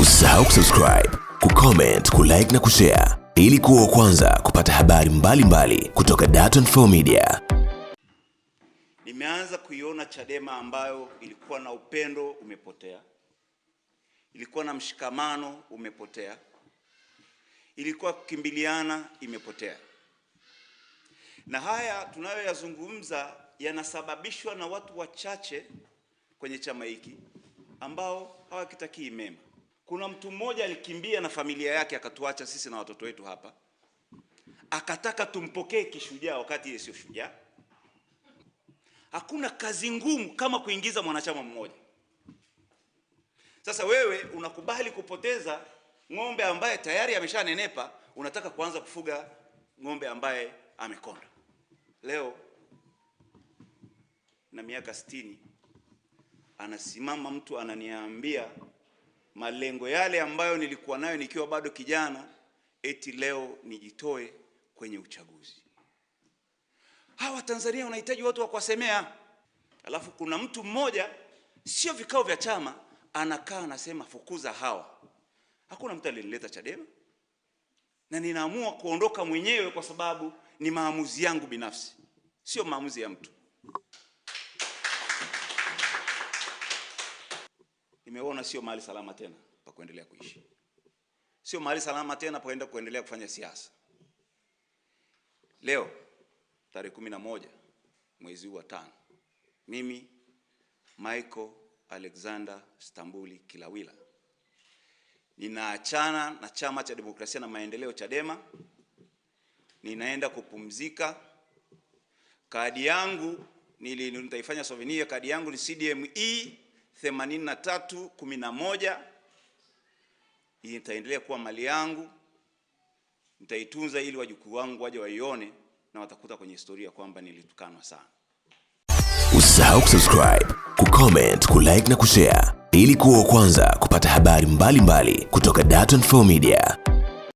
Usisahau kusubscribe, kucomment, kulike na kushare ili kuwa kwanza kupata habari mbalimbali mbali kutoka Dar24 Media. Nimeanza kuiona Chadema ambayo ilikuwa na upendo umepotea, ilikuwa na mshikamano umepotea, ilikuwa kukimbiliana imepotea, na haya tunayoyazungumza yanasababishwa na watu wachache kwenye chama hiki ambao hawakitakii mema. Kuna mtu mmoja alikimbia na familia yake akatuacha sisi na watoto wetu hapa, akataka tumpokee kishujaa, wakati yeye sio shujaa. Hakuna kazi ngumu kama kuingiza mwanachama mmoja. Sasa wewe unakubali kupoteza ng'ombe ambaye tayari ameshanenepa, unataka kuanza kufuga ng'ombe ambaye amekonda. Leo na miaka sitini anasimama mtu ananiambia malengo yale ambayo nilikuwa nayo nikiwa bado kijana, eti leo nijitoe kwenye uchaguzi. Hawa Tanzania wanahitaji watu wa kuwasemea. Alafu kuna mtu mmoja, sio vikao vya chama, anakaa anasema fukuza hawa. Hakuna mtu alileta Chadema, na ninaamua kuondoka mwenyewe kwa sababu ni maamuzi yangu binafsi, sio maamuzi ya mtu. nimeona sio mahali salama tena pa kuendelea kuishi, sio mahali salama tena pa kuendelea kufanya siasa. Leo tarehe kumi na moja mwezi huu wa tano, mimi Michael Alexander Stambuli Kilawila ninaachana na Chama cha Demokrasia na Maendeleo, Chadema. Ninaenda kupumzika. Kadi yangu nili nitaifanya souvenir. Kadi yangu ni E 83:11 11 itaendelea kuwa mali yangu, nitaitunza ili wajukuu wangu waje waione na watakuta kwenye historia kwamba nilitukanwa sana. Usisahau kusubscribe, kucomment, kulike na kushare ili kuwa wa kwanza kupata habari mbalimbali mbali kutoka Dar24 Media.